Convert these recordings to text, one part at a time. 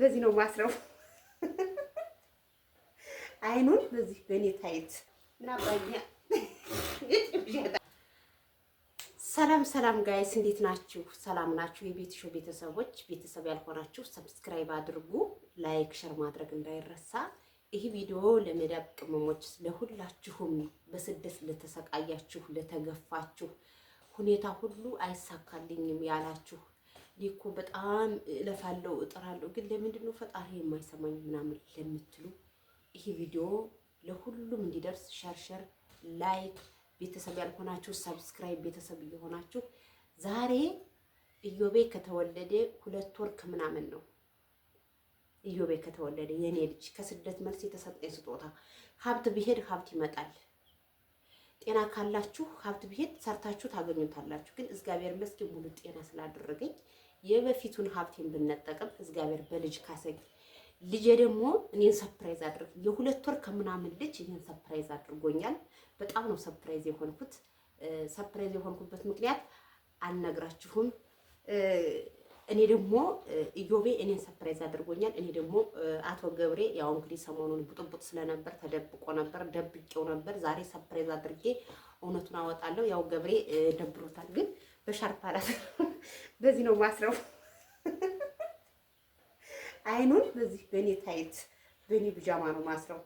በዚህ ነው ማስረው። አይኑን በዚህ በእኔ ታይት እና ሰላም ሰላም ጋይስ እንዴት ናችሁ? ሰላም ናችሁ? የቤት ሾው ቤተሰቦች ቤተሰብ ያልሆናችሁ ሰብስክራይብ አድርጉ፣ ላይክ ሸር ማድረግ እንዳይረሳ። ይህ ቪዲዮ ለመዳብ ቅመሞች፣ ለሁላችሁም በስደት ለተሰቃያችሁ፣ ለተገፋችሁ፣ ሁኔታ ሁሉ አይሳካልኝም ያላችሁ እኮ በጣም እለፋለሁ እጥራለሁ፣ ግን ለምንድን ነው ፈጣሪ የማይሰማኝ ምናምን ለምትሉ ይሄ ቪዲዮ ለሁሉም እንዲደርስ ሸርሸር ላይክ፣ ቤተሰብ ያልሆናችሁ ሰብስክራይብ ቤተሰብ እየሆናችሁ ዛሬ ኢዮቤ ከተወለደ ሁለት ወር ከምናምን ነው። ኢዮቤ ከተወለደ የኔ ልጅ ከስደት መልስ የተሰጠኝ ስጦታ። ሀብት ቢሄድ ሀብት ይመጣል። ጤና ካላችሁ ሀብት ቢሄድ ሰርታችሁ ታገኙታላችሁ። ግን እግዚአብሔር ይመስገን ሙሉ ጤና ስላደረገኝ የበፊቱን ሀብቴን ብንጠቀም እግዚአብሔር በልጅ ካሰኝ ልጄ ደግሞ እኔን ሰፕራይዝ አድርግ የሁለት ወር ከምናምን ልጅ ይህን ሰፕራይዝ አድርጎኛል። በጣም ነው ሰፕራይዝ የሆንኩት። ሰፕራይዝ የሆንኩበት ምክንያት አልነግራችሁም። እኔ ደግሞ ኢዮቤ እኔን ሰፕራይዝ አድርጎኛል። እኔ ደግሞ አቶ ገብሬ ያው እንግዲህ ሰሞኑን ቡጥቡጥ ስለነበር ተደብቆ ነበር፣ ደብቄው ነበር። ዛሬ ሰፕራይዝ አድርጌ እውነቱን አወጣለሁ። ያው ገብሬ ደብሮታል፣ ግን አላት በዚህ ነው ማስረው። አይኑን በዚህ በእኔ ታይት በእኔ ብጃማ ነው ማስረው።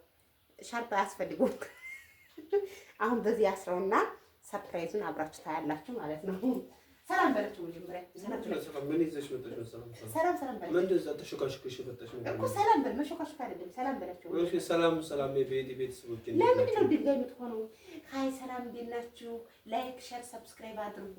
ሻርፕ አያስፈልገውም። አሁን በዚህ አስረውና ሰርፕራይዙን አብራችሁ ታያላችሁ ማለት ነው። ሰላም በለችው መጀመሪያ። ሰላም በል መሾካሾካ አይደለም። ሰላም በለችው። ሰላም ሰላም። ለምንድን ነው ድንጋይ የምትሆነው? ሀይ ሰላም፣ እንዴት ናችሁ? ላይክ፣ ሸር፣ ሰብስክራይብ አድርጉ።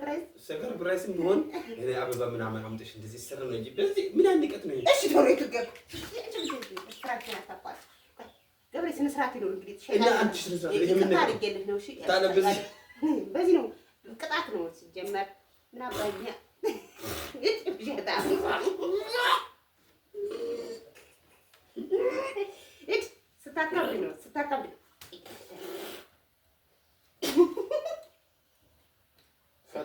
ሰገር ብራይስም እኔ አበባ ምናምን አምጥሽ እንደዚህ ስር ነው እንጂ በዚህ ምን አንቀት ነው? እሺ ዶሮ በዚህ ነው ቅጣት ነው ሲጀመር ምን አባኛ ይጣ ስታካብድ ነው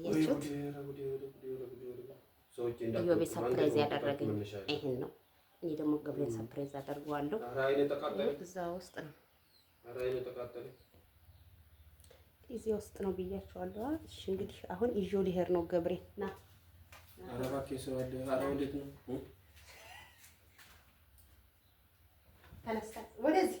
አያችሁት? እዮቤ ሰርፕራይዝ ያደረገኝ ይሄን ነው። እኔ ደግሞ ገብሬን ሰርፕራይዝ አደርገዋለሁ። እዛ ውስጥ ነው እዚያ ውስጥ ነው ብያቸዋለሁ። እሺ እንግዲህ አሁን ይዞ ሊሄድ ነው ገብሬ ና ወደዚህ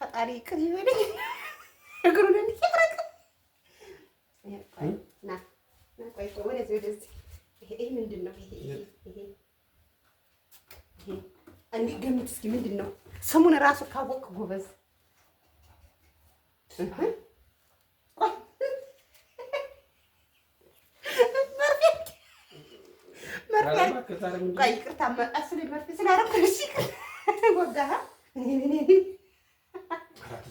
ፈጣሪ ቅር ይበለኝ። እግሩን እንዲያረቅ ና ና፣ ነው? ገምት እስኪ፣ ምንድን ነው ስሙን እራሱ ካወቅ ጎበዝ። ቆይ ይቅርታ፣ ስለ መርፌ ስላደረኩልሽ ይቅርታ።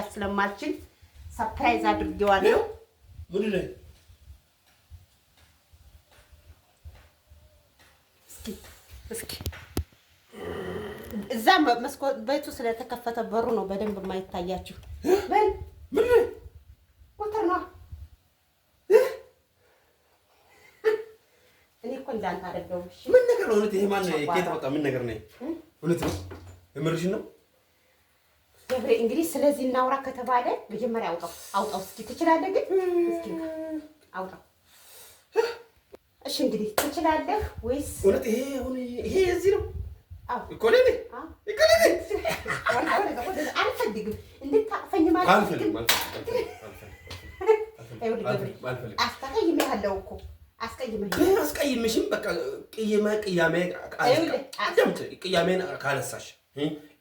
መረዳት ስለማልችል ሰርፕራይዝ አድርጌዋለሁ። እስኪ እዛ መስኮት ቤቱ ስለተከፈተ በሩ ነው በደንብ የማይታያችሁ። ምን ነገር ነው? እውነት ይሄ ማን ነው? ኬት በቃ ምን ነገር ነው? እውነት ነው? የምርሽን ነው? እንግዲህ ስለዚህ እናውራ ከተባለ መጀመሪያ አውጣው አውጣው፣ እስኪ ትችላለህ ግን እስኪ አውጣው። እሺ እንግዲህ ትችላለህ ወይስ እውነት ይሄ አሁን ይሄ የዚህ ነው እኮ ለኔ እኮ ለኔ አልፈልግም፣ እንድታቅፈኝ ማለት አልፈልግም። አስቀይሜሃለሁ እኮ አስቀይሜሽም በቃ ቅያሜ ቅያሜ ካነሳሽ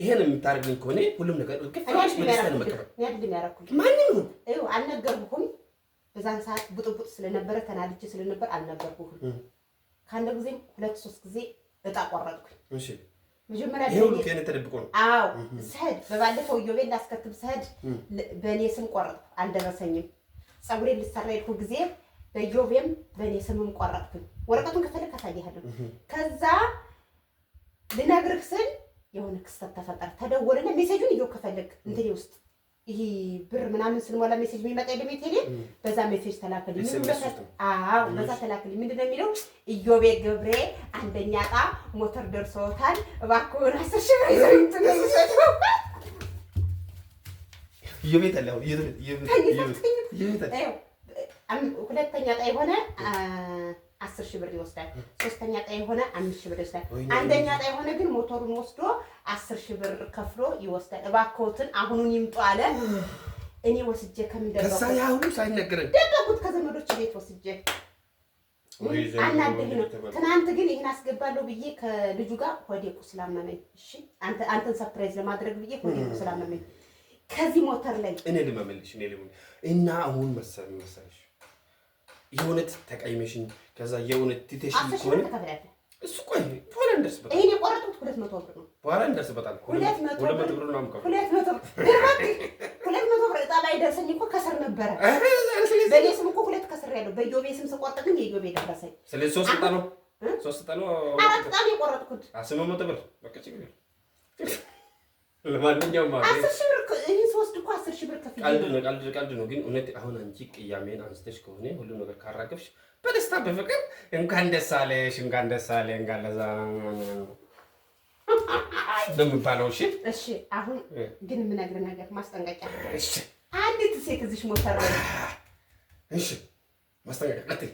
ይሄን የምታደርግልኝ ከሆነ ሁሉም ነገር ማንም አልነገርኩም። በዛን ሰዓት ብጥብጥ ስለነበረ ተናድጄ ስለነበር አልነገርኩም። ከአንድ ጊዜ ሁለት ሶስት ጊዜ እጣ ቆረጥኩኝ። መጀመሪያ ተደብቆ ነው። ስሄድ በባለፈው ኢዮቤል ላስከትብ ስሄድ በእኔ ስም ቆረጥኩ፣ አልደረሰኝም። ፀጉሬን ልሰራ ሄድኩ ጊዜ በዮቤም በእኔ ስምም ቆረጥኩኝ። ወረቀቱን ከፈለክ አሳይሃለሁ። ከዛ ልነግርህ ስል የሆነ ክስተት ተፈጠረ ተደወለና ሜሴጁን እየው ከፈለግ እንትኔ ውስጥ ይሄ ብር ምናምን ስንሞላ ሜሴጅ የሚመጣ የለም ቴሌ በዛ ሜሴጅ ተላከልኝ። በዛ ተላከልኝ። ምንድን ነው የሚለው? እዮቤ ግብሬ አንደኛ ዕጣ ሞተር ደርሶታል፣ እባክዎን አስር ሺህ ብር ይዘው ይምጡልኝ። ኢዮቤ ጠላሁ። ሁለተኛ ዕጣ የሆነ አስር ሺህ ብር ይወስዳል። ሶስተኛ ዕጣ የሆነ አምስት ሺህ ብር ይወስዳል። አንደኛ የሆነ ግን ሞተሩን ወስዶ አስር ሺህ ብር ከፍሎ ይወስዳል። እባክዎትን አሁኑን ይምጡ አለ። እኔ ወስጄ ከዘመዶች ቤት ወስጄ አናደህ ነው። ትናንት ግን ይህን አስገባለሁ ብዬ ከልጁ ጋር ሆዴ ቁስላመመኝ። እሺ አንተን ሰፕራይዝ ለማድረግ ብዬ ሆዴ ቁስላመመኝ። ከዚህ ሞተር ላይ እኔ ልመመልሽ እና አሁን መሰለሽ የእውነት ተቀይመሽኝ ከዛ የእውነት ትተሽኝ ከሆነ እሱ ቆይ በኋላ እንደርስበታል። ይሄን የቆረጡት ሁለት መቶ ብር ነው። በኋላ እንደርስበታል። ሁለት መቶ ሁለት መቶ ብር ነው። ሁለት መቶ ብር ሁለት መቶ ብር እጣ ላይ ደርሰኝ እኮ ከሰር ነበረ። በእኔ ስም እኮ ሁለት ከሰር ያለው በዮቤ ስም ስቆርጥ ግን የዮቤ ደረሰኝ። ስለዚህ ሶስት እጣ ነው፣ ሶስት እጣ ነው፣ አራት እጣ ነው የቆረጥኩት። ስምንት መቶ ብር በቃ ችግር የለም። ለማንኛውም አስር ሺህ ብር እኮ አስር ሺህ ብር ከፍዬ ቀልድ ነው ቀልድ ቀልድ ነው። ግን እውነት አሁን አንቺ ቅያሜን አንስተሽ ከሆነ ሁሉም ነገር ካራገብሽ በደስታ በፍቅር እንኳን ደስ አለሽ እንኳን ደስ አለ እንኳን ለዛ እንደሚባለው እሺ፣ እሺ። አሁን ግን የምነግርህ ነገር ማስጠንቀቂያ፣ አንዲት ሴት እዚሽ ሞተራ፣ እሺ፣ ማስጠንቀቂያ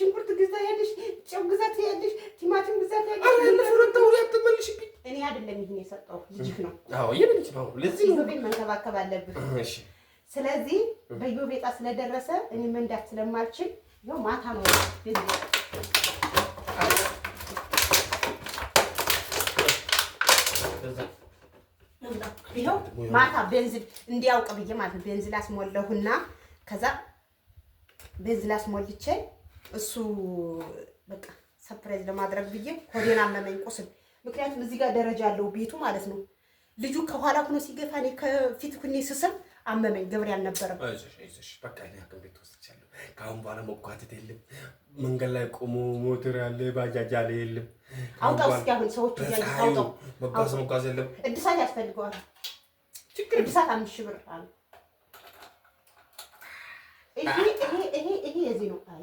ሽንኩርት ግዛ ያለሽ፣ ጨው ግዛ ያለሽ፣ ቲማቲም ግዛ ያለሽ። አረ እኔ አይደለም ይሄን የሰጠው ልጅህ ነው። አዎ የልጅ ነው። ለዚህ ኢዮቤን መንከባከብ አለብህ። እሺ። ስለዚህ በኢዮቤ ዕጣ ስለደረሰ እኔ መንዳት ስለማልችል ይኸው ማታ ነው ይኸው ማታ ቤንዚል እንዲያውቅ ብዬ ማለት ነው። ቤንዚል አስሞላሁና ከዛ ቤንዚል አስሞልቼ እሱ በቃ ሰፕራይዝ ለማድረግ ብዬ ሆዴን አመመኝ ቁስል። ምክንያቱም እዚህ ጋር ደረጃ አለው ቤቱ ማለት ነው። ልጁ ከኋላ ሁኖ ሲገፋ እኔ ከፊት ሁኔ ስስም አመመኝ። ገብሬ አልነበረም። በቃ እኔ ሐኪም ቤት ወስጃለሁ። ከአሁን በኋላ መጓተት የለም። መንገድ ላይ ቆሞ ሞተር ያለ ባጃጅ ያለ የለም። አውጣው እስኪ አሁን ሰዎች ያውጣው። መጓዝ መጓዝ የለም። እድሳት ያስፈልገዋል። ችግር እድሳት አምስት ሺህ ብር አለ። ይሄ ይሄ ይሄ ይሄ የዚህ ነው። አይ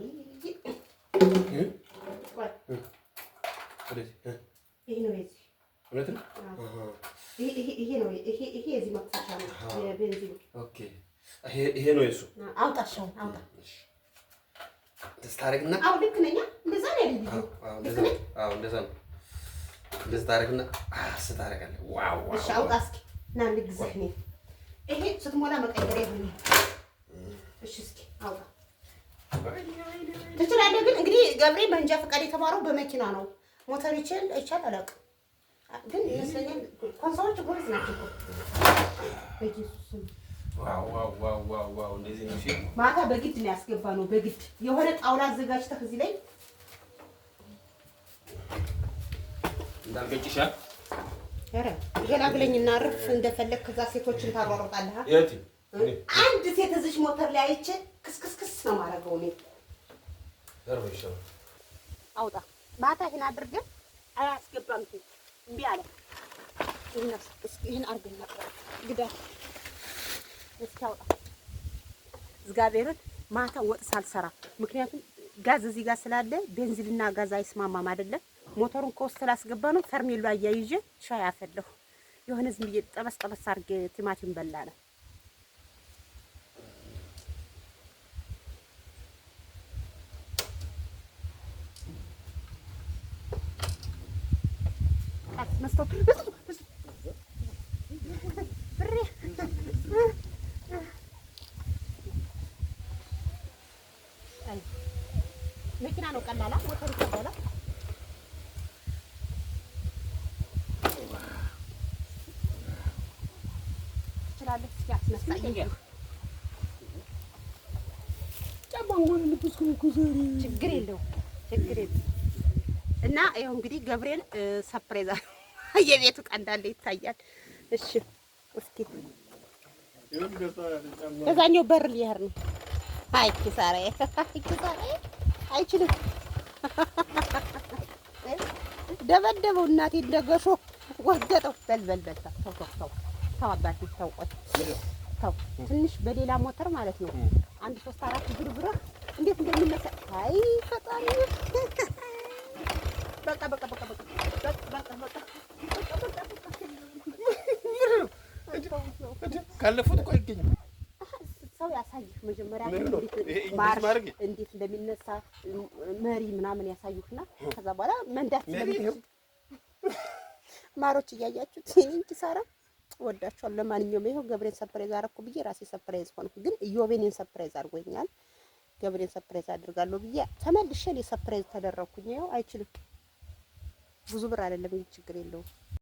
ይሄ ነው የሱ። አውጣሽው አውጣ ታረግና አው ልክ ነኛ። እንደዛ ነው ያለኝ። አው እንደዛ ነው። እንደዛ ታረግና አስ ታረጋለህ። ዋው ዋው። እሺ አውጣ እስኪ ና ልግዛህ። እኔ ይሄ ስትሞላ መቀየር ይሁን። እሺ እስኪ አውጣ ትችላለህ። ግን እንግዲህ ገብሬ መንጃ ፈቃድ የተማረው በመኪና ነው። ሞተር ይችል ይቻል አላቅ። ግን ይመስለኛል ኮንሶዎች ጎበዝ ናቸው። ማታ በግድ ነው ያስገባ ነው። በግድ የሆነ ጣውላ አዘጋጅተህ እዚህ ላይ እንዳልገጭሻል። ኧረ ገላግለኝ እና አርፍ እንደፈለግ። ከዛ ሴቶችን ታሯሩጣለህ። አንድ ሴት እዚች ሞተር ላይ አይቼ ክስክስክስ ነው የማደርገው እኔ። አውጣ ማታ ይህን አድርገን አያስገባም። እምቢ አለ። ይህን አድርገን ነበር ግዳ እስኪያውጣ እግዚአብሔርን ማታ ወጥ ሳልሰራ ምክንያቱም ጋዝ እዚህ ጋር ስላለ ቤንዚልና ጋዝ አይስማማም አይደለም። ሞተሩን ከውስጥ ስላስገባ ነው። ፈርሜሎ አያይዤ ሻይ አፈለሁ። የሆነ ዝም ብዬ ጠበስ ጠበስ አድርጌ ቲማቲም በላ ነው። መስታወቱ ይቀላላ፣ ሞተር ይቀላላ። ትችላለህ ችግር የለውም ችግር የለውም። እና ያው እንግዲህ ገብሬን ሰፕሬዛ የቤቱ ዕቃ እንዳለ ይታያል። እሺ እስኪ በዛኛው በር ሊሄድ ነው። አይ ኪሳራዬ አይችልም ደበደበው። እናቴ እንደገሾ ወገጠው። በልበል በል ተው ተው ተው አባቴ ተው ቆይ ተው ትንሽ በሌላ ሞተር ማለት ነው አንድ ሶስት አራት ብርብረህ እንዴት እንደሚመሰ አይ ፈጣሪ በቃ በቃ በቃ በቃ በቃ በቃ ካለፉት እኮ አይገኝም። ሰው ያሳይሽ መጀመሪያ እንዴት እንደሚነሳ መሪ ምናምን ያሳዩሽና ከዛ በኋላ መንዳት ማሮች እያያችሁት ይሄን ኪሳራ ወዳችኋል። ለማንኛውም ይሄው ገብሬን ሰርፕራይዝ አደረኩ ብዬ ራሴ ሰርፕራይዝ ሆንኩ፣ ግን ኢዮቤኔን ሰርፕራይዝ አድርጎኛል። ገብሬን ሰርፕራይዝ አድርጋለሁ ብዬ ተመልሼ እኔ ሰርፕራይዝ ተደረኩኝ። ይሄው አይችልም ብዙ ብር አይደለም፣ ችግር የለውም።